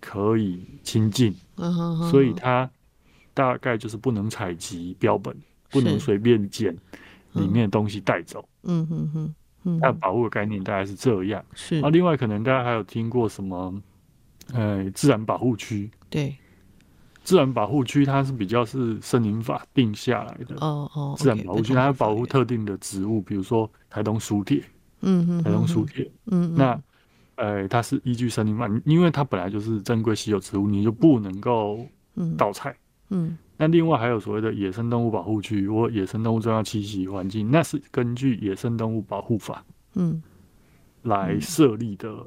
可以親近，uh、huh huh 所以它大概就是不能採集標本，不能隨便撿裡面的東西帶走。嗯嗯嗯，它保護的概念大概是這樣。是啊，另外可能大家還有聽過什麼？呃，自然保護區。對。自然保護區它是比較是森林法定下來的哦哦，oh, oh, okay, 自然保護區它要保護特定的植物，okay, 比如說台東蘇鐵，嗯台東蘇鐵，嗯,嗯那，呃它是依據森林法，嗯、因為它本來就是珍貴稀有植物，嗯、你就不能夠盜採，嗯，那、嗯、另外還有所謂的野生動物保護區或野生動物重要棲息環境，那是根據野生動物保護法，嗯，來設立的，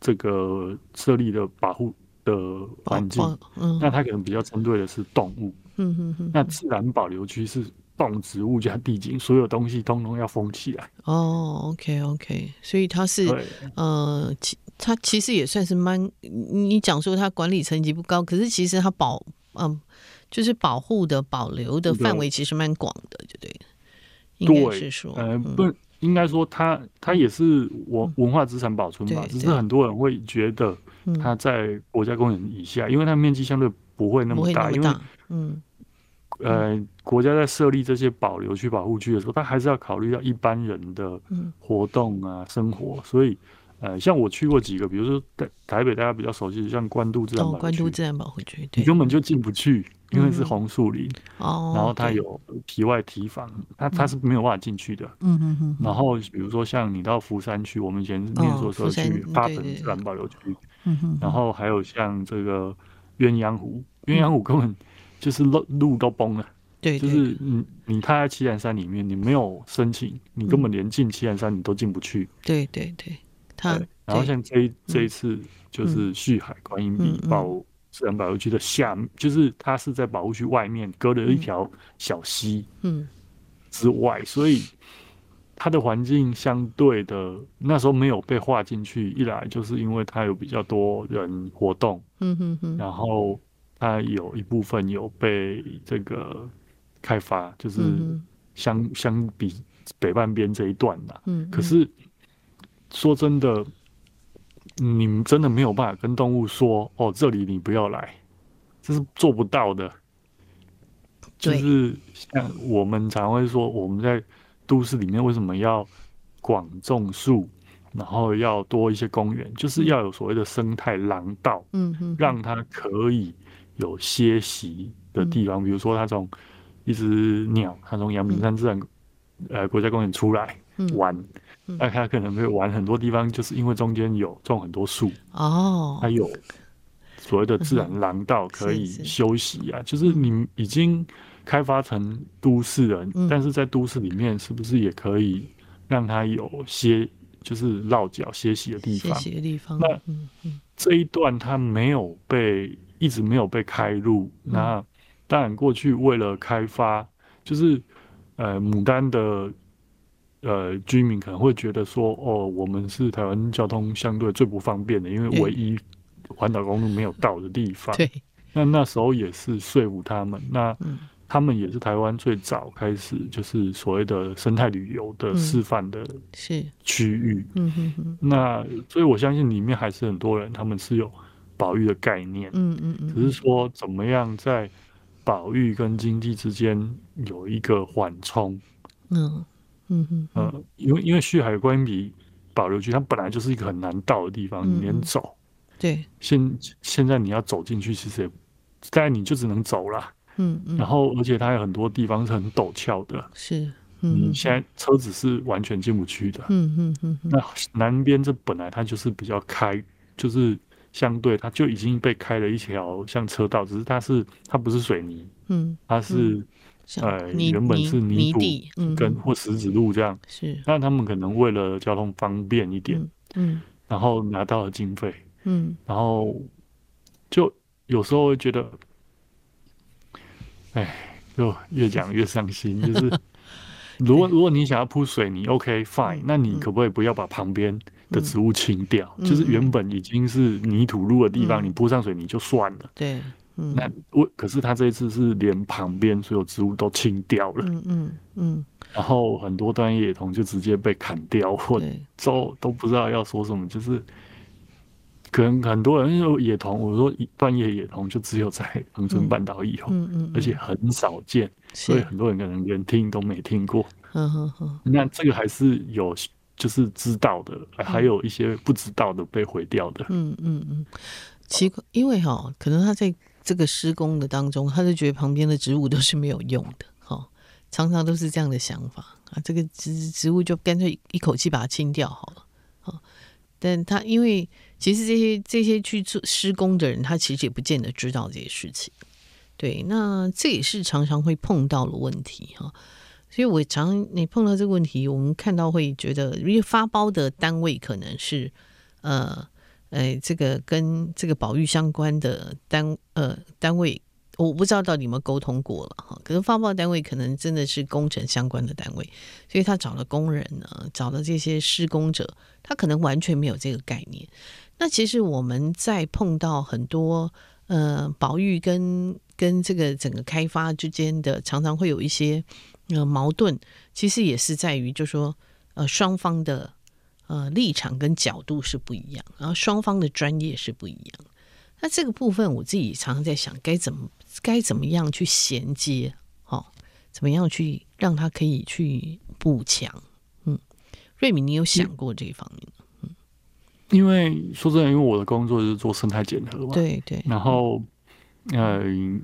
這個設立的保護。的環境、啊啊，嗯，那它可能比較針對的是動物，嗯嗯，嗯那自然保留區是動植物加地景、嗯，所有東西通通要封起來。哦，OK OK，所以它是，呃，其它其實也算是蠻，你講說它管理層級不高，可是其實它保，嗯，就是保護的保留的範圍其實蠻廣的，對不對？應該是說，呃，不應該說它，它、嗯、也是文文化資產保存吧，只是很多人會覺得。它在國家公園以下，因為它面積相對不會那麼大，麼大，因為嗯，呃，國家在設立這些保留區、保護區的時候，它還是要考慮到一般人的活動啊、嗯、生活。所以，呃，像我去過幾個，比如說在台北大家比較熟悉的，像關渡自然保、哦、關渡自然保護區，你根本就進不去，因為是紅樹林、嗯、然後它有體外堤防，它、嗯、它是沒有辦法進去的。嗯嗯嗯，嗯。然後比如說像你到福山區，我們以前念書的時候、哦、去八本自然保留區。對對對然後還有像這個鴛鴦湖，鴛鴦湖根本就是路路都崩了。對、嗯，就是你對對你他在棲蘭山裡面，你沒有申請，你根本連進棲蘭山你都進不去。對對對，他，然後像這、嗯、這一次就是旭海觀音鼻保，嗯、自然保護區的下面、嗯嗯，就是它是在保護區外面隔了一條小溪，嗯，之外，所以。它的環境相對的，那時候沒有被劃進去，一來就是因為它有比較多人活動，嗯哼哼，然後它有一部分有被這個開發，就是相、嗯、相比北半邊這一段啦。嗯，可是說真的，你們真的沒有辦法跟動物說哦，這裡你不要來，這是做不到的，就是像我們常會說我們在。都市裡面為什麼要廣種樹，然後要多一些公園，就是要有所謂的生態廊道，嗯嗯，讓它可以有歇息的地方。嗯、比如說，它從一只鳥，它從陽明山自然、嗯、呃國家公園出來玩，那、嗯、它可能會玩很多地方，就是因為中間有種很多樹哦，它有所謂的自然廊道可以休息啊，嗯、是是就是你已經。開發成都市人、嗯，但是在都市裡面，是不是也可以讓他有歇，就是落腳歇息的地方？歇息的地方。那這一段他沒有被，一直沒有被開路，嗯。那當然，過去為了開發，就是、嗯、呃牡丹的呃居民可能會覺得說，哦，我們是台灣交通相對最不方便的，因為唯一環島公路沒有到的地方。那、欸、那時候也是說服他們。那、嗯他們也是台灣最早開始，就是所謂的生態旅遊的示範的區域。嗯，嗯哼，哼，那所以我相信裡面還是很多人，他們是有保育的概念。嗯嗯，嗯只是說怎麼樣在保育跟經濟之間有一個緩衝。嗯嗯哼，哼，呃，因為因為旭海觀音鼻保留區，它本來就是一個很難到的地方，嗯嗯你連走。對。現現在你要走進去，其實也，但你就只能走了。嗯，然後而且它有很多地方是很陡峭的，是，嗯，現在車子是完全進不去的，嗯嗯嗯。那南邊這本來它就是比較開，就是相對它就已經被開了一條像車道，只是它是它不是水泥，嗯，它是，嗯嗯、呃，原本是泥土、泥地，嗯，跟或石子路這樣，是。但他們可能為了交通方便一點，嗯，嗯然後拿到了經費，嗯，然後就有時候會覺得。哎，就越講越傷心。 就是，如果如果你想要鋪水泥，OK fine，那你可不可以不要把旁邊的植物清掉，嗯？就是原本已經是泥土路的地方，嗯、你鋪上水泥就算了。對，嗯、那我可是他這一次是連旁邊所有植物都清掉了。嗯嗯，嗯然後很多端葉桐就直接被砍掉了或者，都都不知道要說什麼，就是。可能很多人就野桐，我說，半夜野桐，就只有在恆春半島後、喔嗯嗯嗯，而且很少見、啊，所以很多人可能連聽都沒聽過。嗯嗯嗯，那、嗯嗯、這個還是有，就是知道的，還有一些不知道的被毀掉的。嗯嗯嗯，奇怪，因為哈、喔，可能他在這個施工的當中，他就覺得旁邊的植物都是沒有用的，喔、常常都是這樣的想法啊，這個植植物就乾脆一口氣把它清掉好了，喔、但他因為。其實這些這些去做施工的人，他其實也不見得知道這些事情。對，那這也是常常會碰到的問題哈。所以我常你碰到這個問題，我們看到會覺得，因為發包的單位可能是呃，哎，這個跟這個保育相關的單呃單位，我不知道到底有沒有溝通過了哈。可能發包單位可能真的是工程相關的單位，所以他找了工人呢，找了這些施工者，他可能完全沒有這個概念。那其實我們在碰到很多呃保育，跟跟這個整個開發之間的，常常會有一些呃矛盾。其實也是在於就是，就說呃雙方的呃立場跟角度是不一樣，然後雙方的專業是不一樣。那這個部分我自己常常在想，該怎麼該怎麼樣去銜接？好、哦，怎麼樣去讓他可以去補強？嗯，瑞閔，你有想過這一方面？嗯因為說真的，因為我的工作就是做生態檢核嘛。對對。然後，嗯，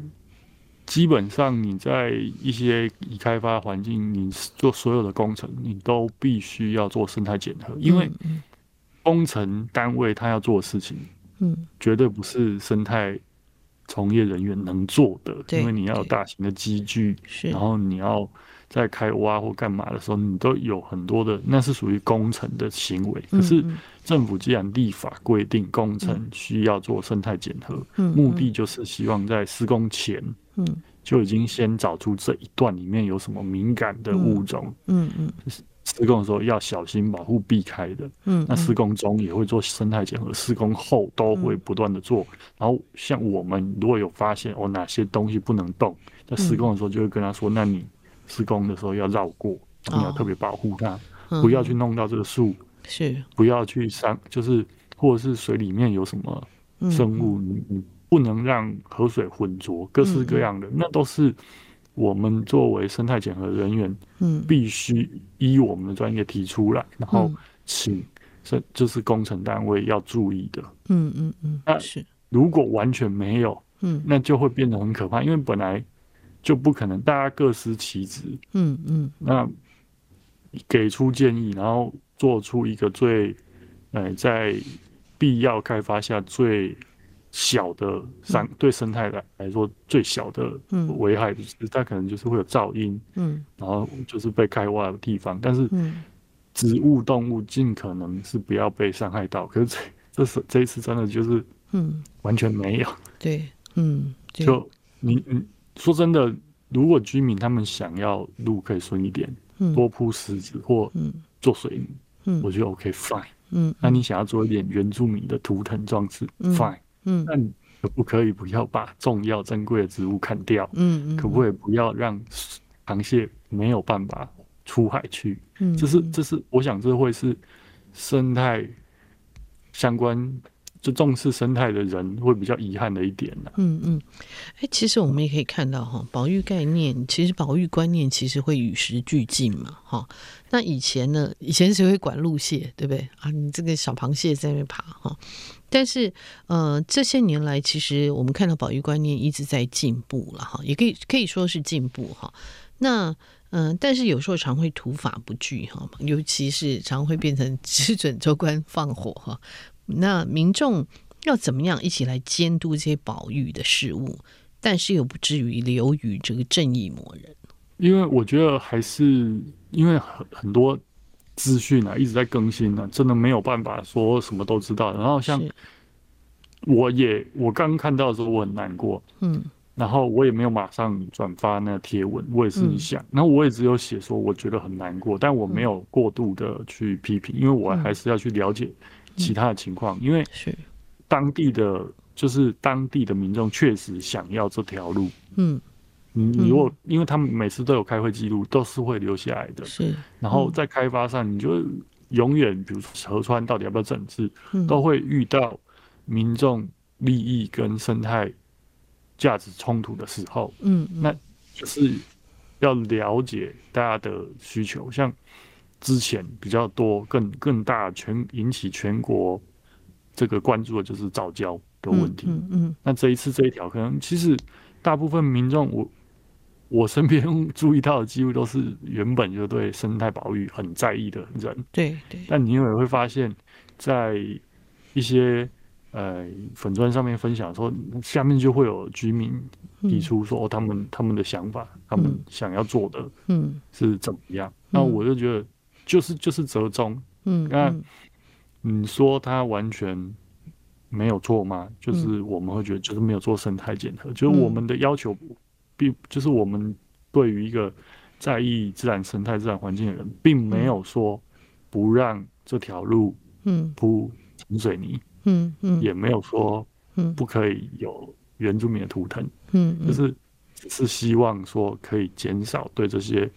基本上你在一些已開發環境，你做所有的工程，你都必須要做生態檢核，因為工程單位他要做的事情，嗯，絕對不是生態從業人員能做的。對。因為你要有大型的機具，是，然後你要。在開挖或幹嘛的時候，你都有很多的，那是屬於工程的行為。可是政府既然立法規定工程需要做生態檢核，嗯嗯，目的就是希望在施工前就已經先找出這一段裡面有什麼敏感的物種。嗯嗯，嗯，施工的時候要小心保護，避開的。嗯。嗯，那施工中也會做生態檢核，施工後都會不斷的做。然後像我們如果有發現哦，哪些東西不能動，在施工的時候就會跟他說：“嗯，那你。”施工的時候要繞過，你、oh, 要特別保護它，嗯，不要去弄到這個樹，是不要去傷，就是或者是水裡面有什麼生物，嗯，你不能讓河水渾濁，各式各樣的，嗯，那都是我們作為生態檢核人員，嗯，必須依我們的專業提出來，然後請這，嗯，就是工程單位要注意的，嗯嗯嗯，嗯是那是如果完全沒有，嗯，那就會變得很可怕，因為本來。就不可能，大家各司其職。嗯嗯。那給出建議，然後做出一個最，嗯、呃，在必要開發下最小的生、嗯、對生態來來說最小的危害，就是它可能就是會有噪音。嗯。然後就是被開挖的地方，嗯、但是，植物動物盡可能是不要被傷害到。嗯、可是這，這、這是這一次真的就是，嗯，完全沒有。嗯、對，嗯，就你你。說真的，如果居民他們想要路可以順一點，多鋪石子或做水泥，嗯嗯，我覺得 OK fine，嗯嗯嗯，那你想要做一點原住民的圖騰裝置，fine，嗯嗯，那你可不可以不要把重要珍貴的植物砍掉，嗯嗯，可不可以不要讓螃蟹沒有辦法出海去？嗯嗯嗯，這是這是我想這會是生態相關。就重視生態的人會比較遺憾的一點呢、啊。嗯嗯，哎、欸，其實我們也可以看到哈，保育概念其實保育觀念其實會與時俱進嘛哈。那以前呢，以前誰會管陸蟹？對不對？啊，你這個小螃蟹在那邊爬哈。但是呃，這些年來，其實我們看到保育觀念一直在進步了哈，也可以可以說是進步哈。那嗯、呃，但是有時候常會土法不拘哈，尤其是常會變成只准州官放火哈。那民眾要怎麼樣一起來監督這些保育的事物，但是又不至於流於這個正義魔人？因為我覺得還是因為很很多資訊啊一直在更新啊，真的沒有辦法說什麼都知道。然後像我也我剛看到的時候我很難過，嗯，然後我也沒有馬上轉發那個貼文，我也是想，然後我也只有寫說我覺得很難過，但我沒有過度的去批評，因為我還是要去了解，其他的情況，因為是當地的，就是當地的民眾確實想要這條路。嗯，你如果、嗯、因為他們每次都有開會記錄，都是會留下來的。是，嗯、然後在開發上，你就永遠，比如說河川到底要不要整治，嗯、都會遇到民眾利益跟生態價值衝突的時候。嗯，嗯，那就是要了解大家的需求，像。之前比較多、更更大、全引起全國這個關注的就是藻礁的問題。嗯嗯，嗯。那這一次這一條，可能其實大部分民眾，我我身邊注意到的幾乎都是原本就對生態保育很在意的人。對對。但你也會發現，在一些呃粉專上面分享說，下面就會有居民提出說，嗯、哦，他們他們的想法，他們想要做的是怎麼樣？嗯嗯、那我就覺得。就是就是折中，嗯，那、嗯、你說他完全沒有錯嗎？就是我們會覺得，就是沒有做生態檢核。就是我們的要求，並就是我們對於一個在意自然生態、自然環境的人，並沒有說不讓這條路，鋪水泥、嗯嗯嗯，也沒有說，不可以有原住民的圖騰，嗯，嗯，嗯就是是希望說可以減少對這些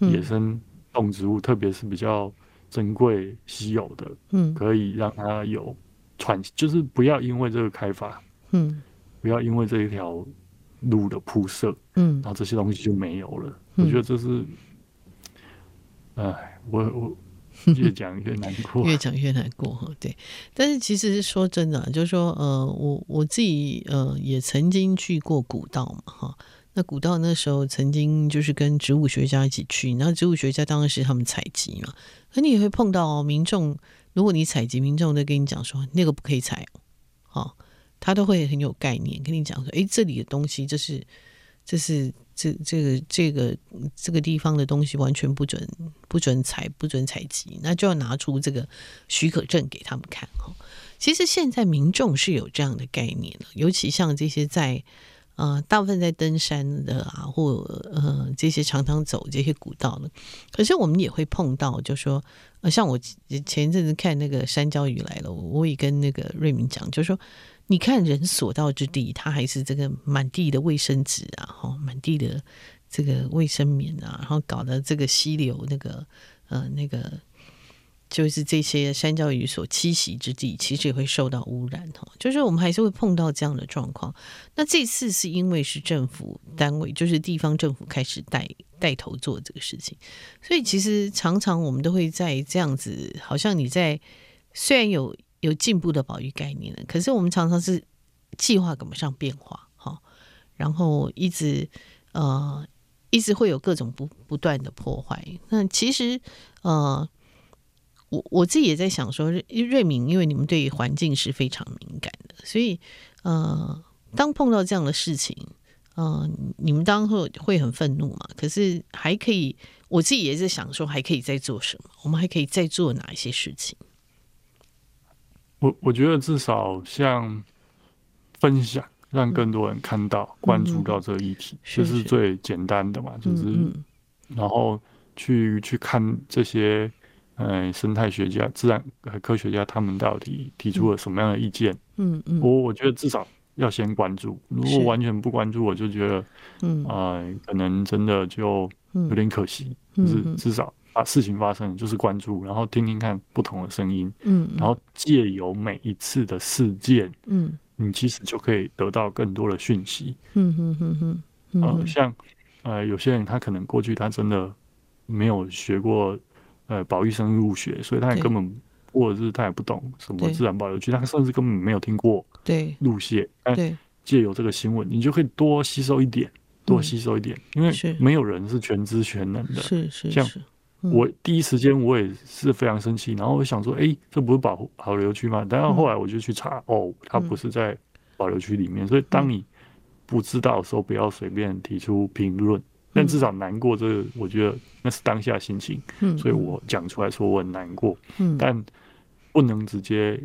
野生，動植物，特別是比較珍貴、稀有的，嗯，可以讓它有喘，就是不要因為這個開發，嗯，不要因為這一條路的鋪設，嗯，然後這些東西就沒有了。我覺得這是，哎、嗯，我我越講越難過， 越講越難過。對，但是其實是說真的、啊，就是說，呃，我我自己呃也曾經去過古道嘛，哈。那古道那時候曾經就是跟植物學家一起去，那植物學家當然是他們採集嘛。可你也會碰到民眾，如果你採集，民眾在跟你講說那個不可以採，哦，他都會很有概念跟你講說，誒、欸，這裡的東西就是，這是這這個這個這個地方的東西完全不准不准採，不准採集，那就要拿出這個許可證給他們看。哦，其實現在民眾是有這樣的概念的，尤其像這些在。啊、呃、大部分在登山的啊，或呃這些常常走這些古道的。可是我們也會碰到就是說，就說呃，像我前一陣子看那個山椒魚來了，我也跟那個瑞閔講，就說你看人所到之地，他還是這個滿地的衛生紙，啊，齁、哦、滿地的這個衛生棉啊，然後搞得這個溪流那個呃那個。就是這些山椒魚所棲息之地，其實也會受到污染哈。就是我們還是會碰到這樣的狀況。那這次是因為是政府單位，就是地方政府開始帶帶頭做這個事情，所以其實常常我們都會在這樣子，好像你在雖然有有進步的保育概念了，可是我們常常是計劃趕不上變化哈。然後一直呃一直會有各種不不斷的破壞。那其實呃。我我自己也在想說，瑞瑞閔，因為你們對於環境是非常敏感的，所以，呃，當碰到這樣的事情，嗯、呃，你們當然會會很憤怒嘛。可是還可以，我自己也在想說，還可以再做什麼？我們還可以再做哪一些事情？我我覺得至少像分享，讓更多人看到、關注到這個議題，這、嗯就是最簡單的嘛。是是就是嗯嗯然後去去看這些。哎，生態學家、自然科學家，他們到底提出了什麼樣的意見？嗯嗯，我我覺得至少要先關注，如果完全不關注，我就覺得，嗯啊、呃，可能真的就有點可惜。嗯就是至少把事情發生，就是關注、嗯嗯，然後聽聽看不同的聲音，嗯，嗯，然後借由每一次的事件，嗯，你其實就可以得到更多的訊息。嗯嗯嗯嗯。啊、嗯呃，像呃，有些人他可能過去他真的沒有學過。呃，保育生物學，所以他也根本，或者是他也不懂什麼自然保留區，他甚至根本沒有聽過入學。對，路線。但借由這個新聞，你就可以多吸收一點，多吸收一點，因為沒有人是全知全能的。是是是。像我第一時間我也是非常生氣，然後我想說，哎、欸，這不是保保留區嗎？但是後來我就去查，哦，它不是在保留區裡面、嗯。所以當你不知道的時候，不要隨便提出評論。但至少難過，這個我覺得那是當下心情、嗯，所以我講出來說我很難過、嗯。但不能直接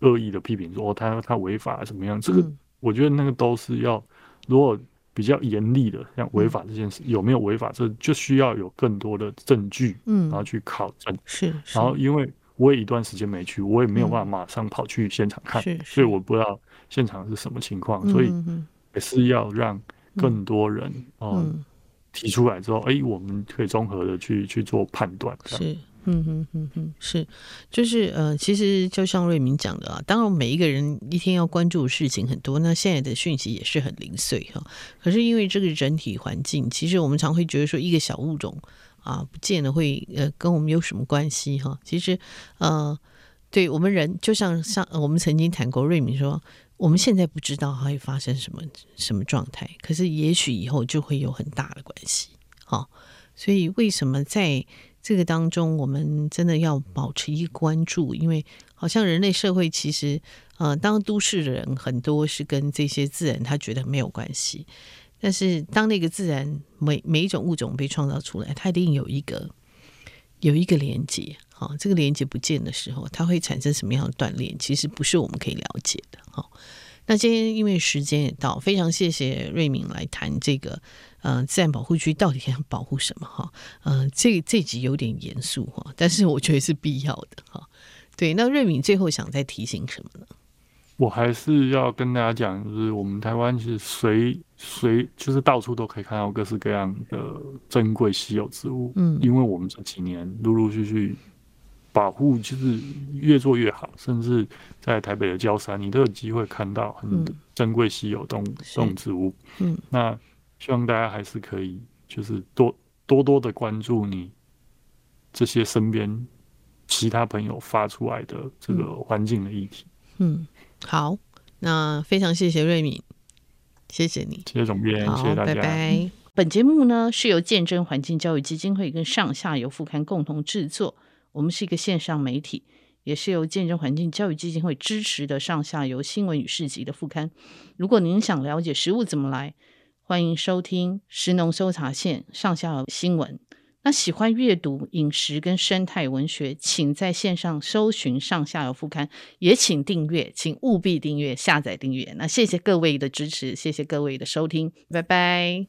惡意的批評說哦，他他違法啊，怎麼樣？這個我覺得那個都是要，如果比較嚴厲的，像違法這件事、嗯、有沒有違法，這就需要有更多的證據，嗯，然後去考證、呃。是,是，然後因為我也一段時間沒去，我也沒有辦法馬上跑去現場看，嗯、所以我不知道現場是什麼情況，是是所以也是要讓更多人、嗯嗯嗯提出來之後，誒、欸，我們可以綜合的去去做判斷。是，嗯嗯嗯嗯，是，就是呃，其實就像瑞閔講的啊，當然每一個人一天要關注的事情很多，那現在的訊息也是很零碎哈。可是因為這個整體環境，其實我們常會覺得說一個小物種啊，不見得會呃跟我們有什麼關係哈。其實呃，對我們人就像像我們曾經談過，瑞閔說。我們現在不知道還會發生什麼什麼狀態，可是也許以後就會有很大的關係。好、哦，所以為什麼在這個當中，我們真的要保持一個關注？因為好像人類社會其實，呃，當都市的人很多是跟這些自然，他覺得沒有關係。但是當那個自然每每一種物種被創造出來，它一定有一個有一個連接。這個連接不見的時候，它會產生什麼樣的斷裂？其實不是我們可以了解的。哈，那今天因為時間也到，非常謝謝瑞閔來談這個，呃自然保護區到底可以保護什麼？哈，呃，這這集有點嚴肅哈，但是我覺得是必要的。哈，對，那瑞閔最後想再提醒什麼呢？我還是要跟大家講，就是我們台灣是隨隨，就是到處都可以看到各式各樣的珍貴稀有植物。嗯，因為我們這幾年陸陸續續。保護就是越做越好，甚至在台北的郊山，你都有機會看到很珍貴稀有動、嗯、動植物。嗯，那希望大家還是可以就是多多多的關注你這些身邊其他朋友發出來的這個環境的議題。嗯，好，那非常謝謝瑞閔，謝謝你，謝謝總編，謝謝大家。拜拜。本節目呢是由見證環境教育基金會跟上下游副刊共同制作。我們是一個線上媒體，也是由健身環境教育基金會支持的《上下游新聞與市集》的副刊。如果您想了解食物怎麼來，歡迎收聽“食農搜查線”上下游新聞。那喜歡閱讀飲食跟生態文學，請在線上搜尋《上下游》副刊，也請訂閱，請務必訂閱、下載訂閱。那謝謝各位的支持，謝謝各位的收聽，拜拜。